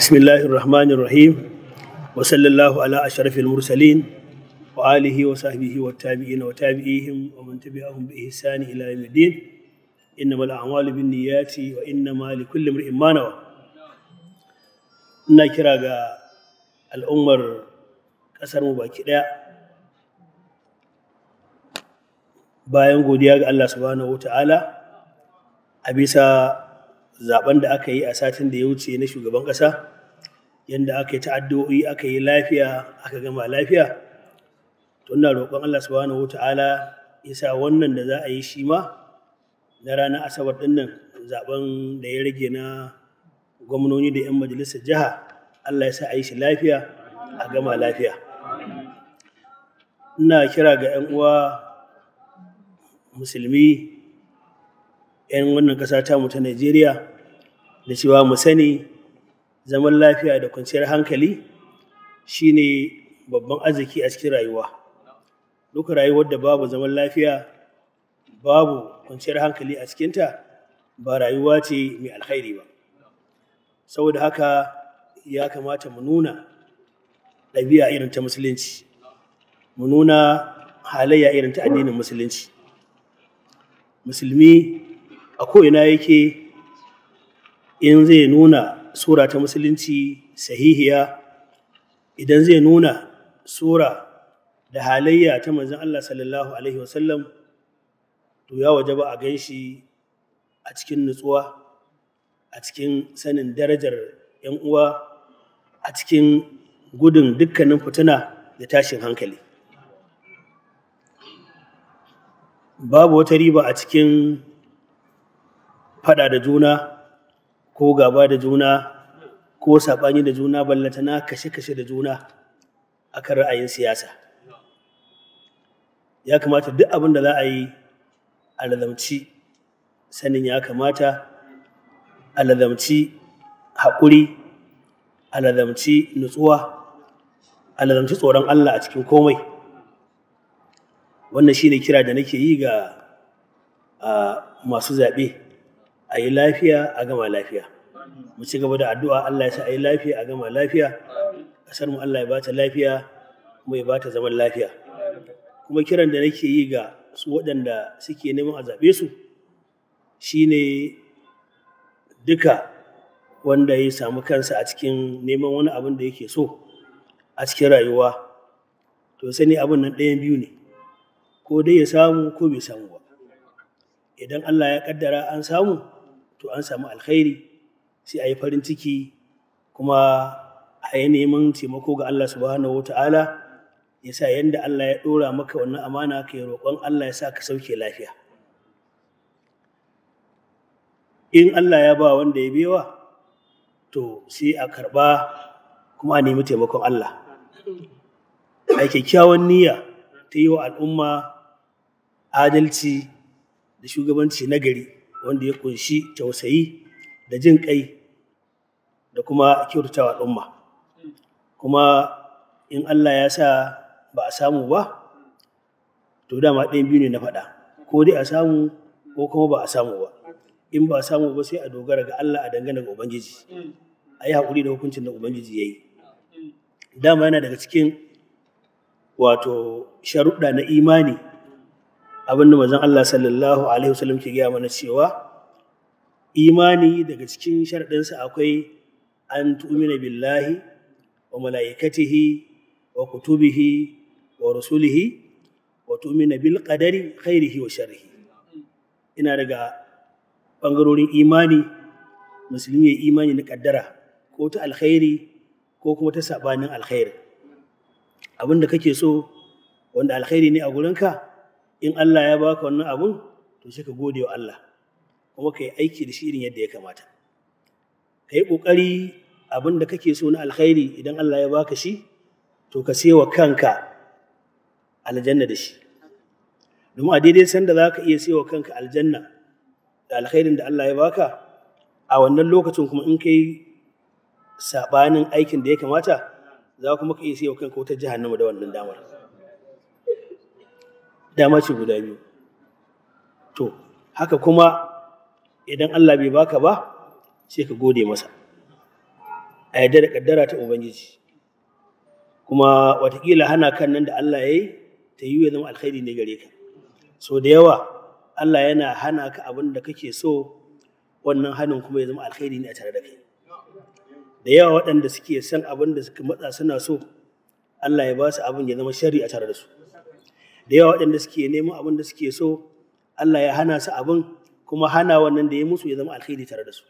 بسم الله الرحمن الرحيم وصلى الله على أشرف المرسلين وآله وصحبه والتابعين وتابعيهم ومن تبعهم بإحسان إلى يوم الدين إنما الأعمال بالنيات وإنما لكل امرئ ما نوى ina kira ga al'ummar ƙasarmu baki ɗaya bayan godiya ga Allah subhanahu wa ta'ala a bisa zaben da aka yi a satin da ya wuce na shugaban ƙasa yadda aka yi ta'addo'i aka yi lafiya aka gama lafiya to ina roƙon Allah subhanahu wata'ala ya sa wannan da za a yi shi ma na ranar asabar ɗin nan zaben da ya rage na gwamnoni da 'yan majalisar jiha Allah ya sa a yi shi lafiya a gama lafiya ina kira ga 'yan uwa musulmi 'yan wannan ƙasa ta mu ta Najeriya da cewa mu sani zaman lafiya da kwanciyar hankali shine babban arziki a cikin rayuwa. Duka rayuwar da babu zaman lafiya babu kwanciyar hankali a cikinta ba rayuwa ce mai alkhairi ba. Saboda haka ya kamata mu nuna ɗabi'a irin ta musulunci, mu nuna halayya irin ta addinin musulunci. Musulmi a ko'ina yake in zai nuna sura ta musulunci sahihiya idan zai nuna sura da halayya ta manzan Allah sallallahu Alaihi wasallam to ya waje ba a gan shi a cikin nutsuwa a cikin sanin darajar 'yan uwa a cikin gudun dukkanin fituna da tashin hankali babu wata riba a cikin fada da juna ko gaba da juna ko saɓani da juna na kashe-kashe da juna a kan ra'ayin siyasa ya kamata duk abin da za a yi a lalamci sanin ya kamata a lalamci haƙuri a lalamci nutsuwa a lalamci tsoron Allah a cikin komai wannan shi ne kira da nake yi ga ah, masu zaɓe a yi lafiya a gama lafiya mu ci gaba da addu'a Allah ya sa a yi lafiya a gama lafiya ƙasar mu Allah ya ba ta lafiya kuma ya ba ta zaman lafiya kuma kiran da nake yi ga su waɗanda suke neman a zaɓe su shine duka wanda ya samu kansa a cikin neman wani abin da yake so a cikin rayuwa to sani abin nan ɗayan biyu ne ko dai ya samu ko bai samu ba idan Allah ya ƙaddara an samu to an samu alkhairi sai a yi farin ciki kuma a yi neman taimako ga Allah subhanahu wa ta'ala ya sa yadda Allah ya ɗora maka wannan amana ka yi roƙon Allah ya sa ka sauke lafiya in Allah ya ba wanda ya biyawa, to sai a karɓa kuma a nemi taimakon Allah a kyakkyawan niyya ta yi wa al'umma adalci da shugabanci nagari wanda ya kunshi tausayi da jin kai da kuma kyautatawa al'umma kuma in Allah ya sa ba a samu ba to dama ɗayan biyu ne na faɗa ko dai a samu ko kuma ba a samu ba in ba a samu ba sai a dogara ga Allah a dangana ga Ubangiji a yi haƙuri da hukuncin da Ubangiji ya yi dama yana daga cikin wato sharuɗa na imani abinda manzon Allah sallallahu alaihi wasallam ke gaya mana cewa imani daga cikin sharaɗinsa akwai an tu'mina billahi wa mala'ikatihi wa kutubihi wa rasulihi wa tu'mina bil qadari khairihi wa sharrihi ina daga bangarorin imani musulmi ya imani na kaddara ko ta alkhairi ko kuma ta sabanin alkhairi abinda kake so wanda alkhairi ne a gurinka in Allah ya baka wannan abun to sai ka gode wa Allah kuma ka yi aiki da shi irin yadda ya kamata ka yi ƙoƙari abin da kake so na alkhairi idan Allah ya baka shi to ka wa kanka aljanna da shi domin a daidai sanda za ka iya wa kanka aljanna da alkhairin da Allah ya baka a wannan lokacin kuma in ka yi saɓanin aikin da ya kamata za kuma ka iya wa kanka wata jahannama da wannan damar dama ce guda biyu to haka kuma idan Allah bai baka ba sai ka gode masa a yadda da kaddara ta ubangiji kuma watakila hana kan nan da Allah ya yi ta yi ya zama alkhairi ne gare ka so da yawa Allah yana hana ka abin da kake so wannan hannun kuma ya zama alkhairi ne a tare da kai da yawa waɗanda suke son abin da suka matsa suna so Allah ya ba su abin ya zama shari a tare da su da yawa waɗanda suke neman abin da suke so Allah ya hana su abin kuma hana wannan da ya musu ya zama alkhairi tare da su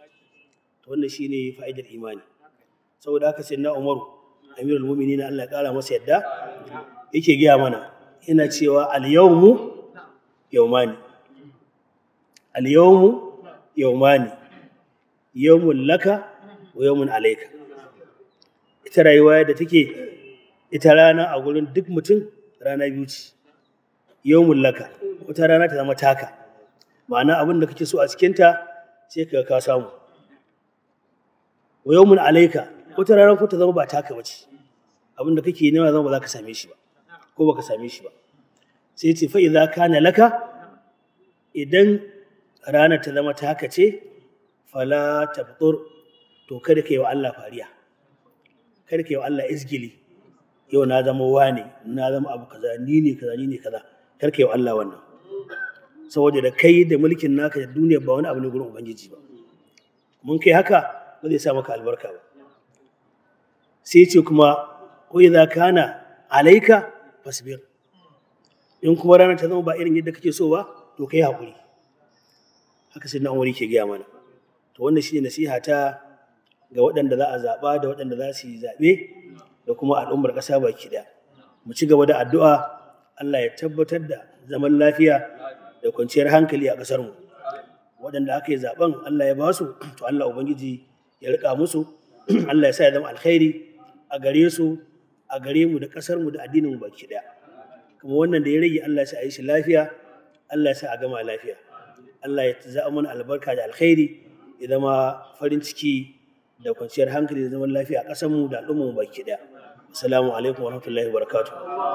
to wannan shine fa'idar imani saboda haka sai na Umaru Amirul Mu'minin Allah ya kara masa yadda yake gaya mana yana cewa al-yawmu yawmani al-yawmu yawmani yawmun laka wa yawmun alayka ita rayuwa da take ita rana a gurin duk mutum rana biyu ce yau mullaka wata rana ta zama taka ma'ana abin da kake so a cikinta sai ka ka samu wa mun alaika wata rana ko ta zama ba taka ce abin da kake nema zama ba za ka same shi ba ko ba ka same shi ba sai ce fa'i za ka laka idan rana ta zama taka ce fala tabtur to kada ka yi wa Allah fariya kada ka yi wa Allah izgili yau na zama wane na zama abu kaza ni ne kaza ni ne kaza Kar ka yi wa Allah wannan saboda da kai da mulkin naka da duniya ba wani abu ne gurin ubangiji ba mun kai haka ba zai sa maka albarka ba sai ce kuma ko idza kana alaika fasbir in kuma rana ta zama ba irin yadda kake so ba to kai hakuri haka sai na wuri ke gaya mana to wannan shine nasiha ta ga waɗanda za a zaɓa da waɗanda za su yi zaɓe da kuma al'ummar ƙasa baki ɗaya mu ci gaba da addu'a Allah ya tabbatar da zaman lafiya da kwanciyar hankali a ƙasarmu mu waɗanda aka yi zaben Allah ya ba su to Allah ubangiji ya rika musu Allah ya sa ya zama alkhairi a gare su a gare mu da ƙasarmu da addinin mu baki ɗaya kuma wannan da ya rage Allah ya sa a yi shi lafiya Allah ya sa a gama lafiya Allah ya za mana albarka da alkhairi ya zama farin ciki da kwanciyar hankali da zaman lafiya a ƙasarmu mu da al'ummar mu baki ɗaya assalamu alaikum warahmatullahi wabarakatuh